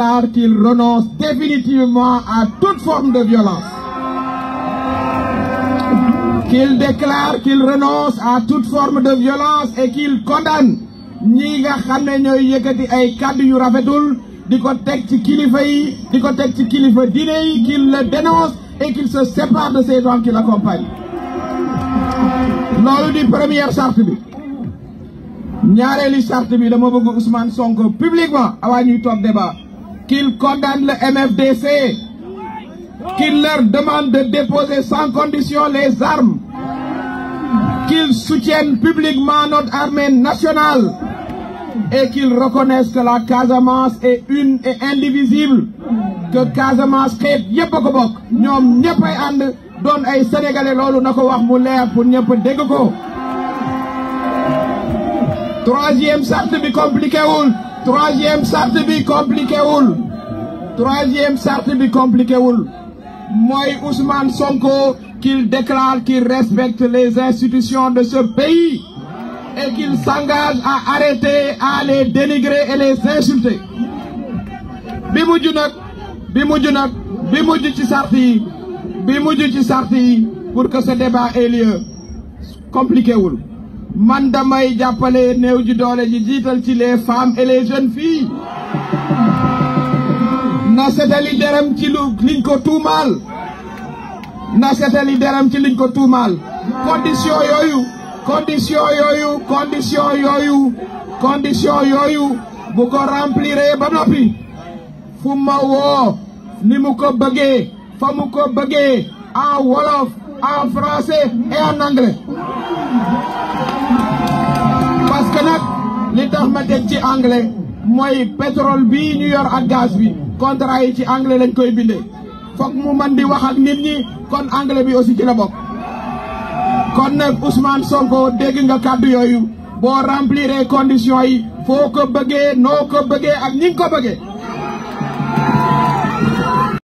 déclare qu'il renonce définitivement à toute forme de violence. Qu'il déclare qu'il renonce à toute forme de violence et qu'il condamne ñi nga xam ne ñooy yëkkati ay kàddu yu rafetul di ko teg ci kilifa yi di ko teg ci kilifa diine yi qu'il le dénonce et qu'il se sépare de ces gens qui l'accompagnent. loolu di première charte bi ñaareelu charte bi dama bëgg Ousmane Sonko publiquement avant ñuy toog débat qu'ils condamnent le MFDC, qu'ils leur demandent de déposer sans condition les armes, qu'ils soutiennent publiquement notre armée nationale et qu'ils reconnaissent que la Casamance est une et indivisible que Casamance xeet yëpp a ko ñoom ñëpp ay ànd ay sénégalais loolu na ko wax mu leer pour ñëpp dégg ko. troisième sart bi compliqué wul troisième sart bi troisième charte bi compliqué wul mooy Ousmane Sonko qu'il déclare qu'il respecte les institutions de ce pays et qu'il s'engage à arrêter à les dénigrer et les insulter bi mujj nag bi mujj nag bi mujj ci charte bi mujj ci charte yi pour que débat ait lieu compliqué wul man damay jàppale néew ji doole ji jiital ci les femmes e les jeunes fii na setali deram ci liñ ko tuumaal na setali deram ci liñ ko tuumaal condition yooyu condition yooyu condition yooyu bu ko rempliré ba noppi fu ma woo ni mu ko bëggee fa mu ko bëggee en wolof en français et en anglais parce li tax ma teg ci anglais mooy pétrole bi ñu yor ak gaz bi contrat yi ci anglais lañ koy bindee foog mu man di wax ak nit ñi kon anglais bi aussi ci la bokk kon nag Ousmane Sonko dégg nga kàddu yooyu boo remplir les conditions yi foo ko bëggee noo ko bëggee ak ni nga